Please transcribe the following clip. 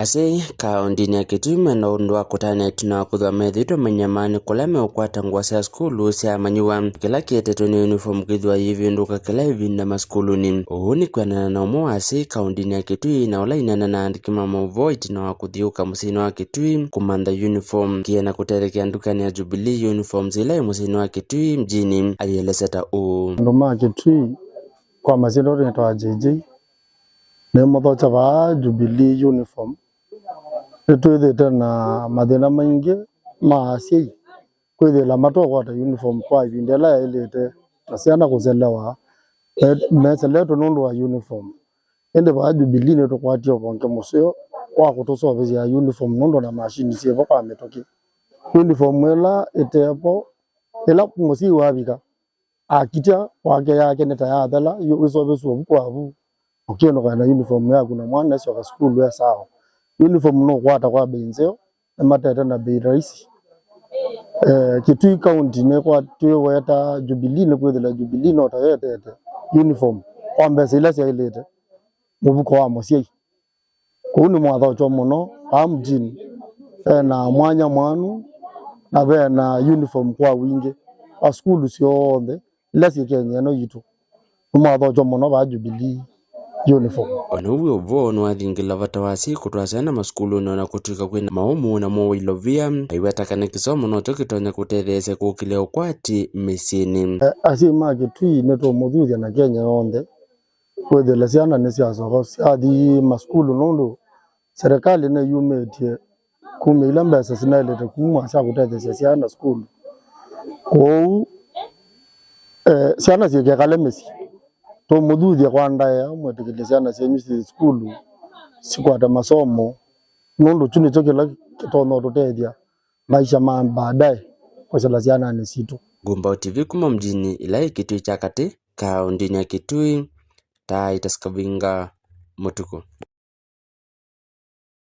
ase kaunti ya kitui na ũndũ wa kũtanetwo na kũthwa methĩtwo manyamani kũla meũkwata ngua sya sukulu sya manyiwa kĩla kĩetetwe nĩ uniform kĩthwa yĩvĩndũka kĩla ĩvinda masukuluni uu nĩ kwianana na ũmwe wa ase kaunti ya kitui na ũla inana na andĩki ma maũvo itina wa kũthiũka mũsyĩ wa kitui kũmantha uniform kiena kũterekea ndukani ya Jubilee uniforms ila i mũsyĩ wa kitui mjini alielesa ta ũũ ma kitui kwa masĩndo rĩtwa JJ nĩ mũthocha vaa uniform nitwithite na mathina maingi ma aciari kwithila matokwata uniform kwa ivinda ila yailite na ciana kucelewa meceletwe nundu wa uniform indi ba Jubilee ni tukwatie bonke mucio wa gutucovithia uniform nundu na mashini cievo kwa mituki uniform ila itevo ila mucii wavika akitia wake yake ni tayathela vu kwavu ukiondokana na uniform yaku na mwana acio ga skulu uniform no kwata kwa benzeo na ematete na bei rahisi eh kitui county ne kwa tuwe weta jubilee ne kwa kwethela jubilee no yete uniform kwa mbeca ila ciailite mubuko wa muciai kuu ni mwathochwo muno amjini eh, na mwanya mwanu na na uniform kwa wingi a skulu ciothe ila ciikenyeno itu ni mwathochwo muno ba jubilee uniform ona ubwe obwo niwathingila vata wasi ona kutwika kwina maumu na muoilovia aiwetakana kisomo nokyo kitonya kutetheesya kukile ukwati misyini eh, asyai makitwi nitumuthithya na kenya yonthe kwithila syana ni syasoko masukulu nundu serikali ni yumitie kuma ila mbesa sinailete kuma sya kutethesya syana sukulu kwoou eh, syana syikiakale misyi to muthuthia kwa ndae mwetikile ciana cianyu si cukuru cikwenda masomo nundu chu nicho kila gitonya tutethia maisha ma baadaye kwicila cianani citu Ngumbau TV kuma mjini ilai Kitui cha kati kaundini ya Kitui taitaskavinga mutuku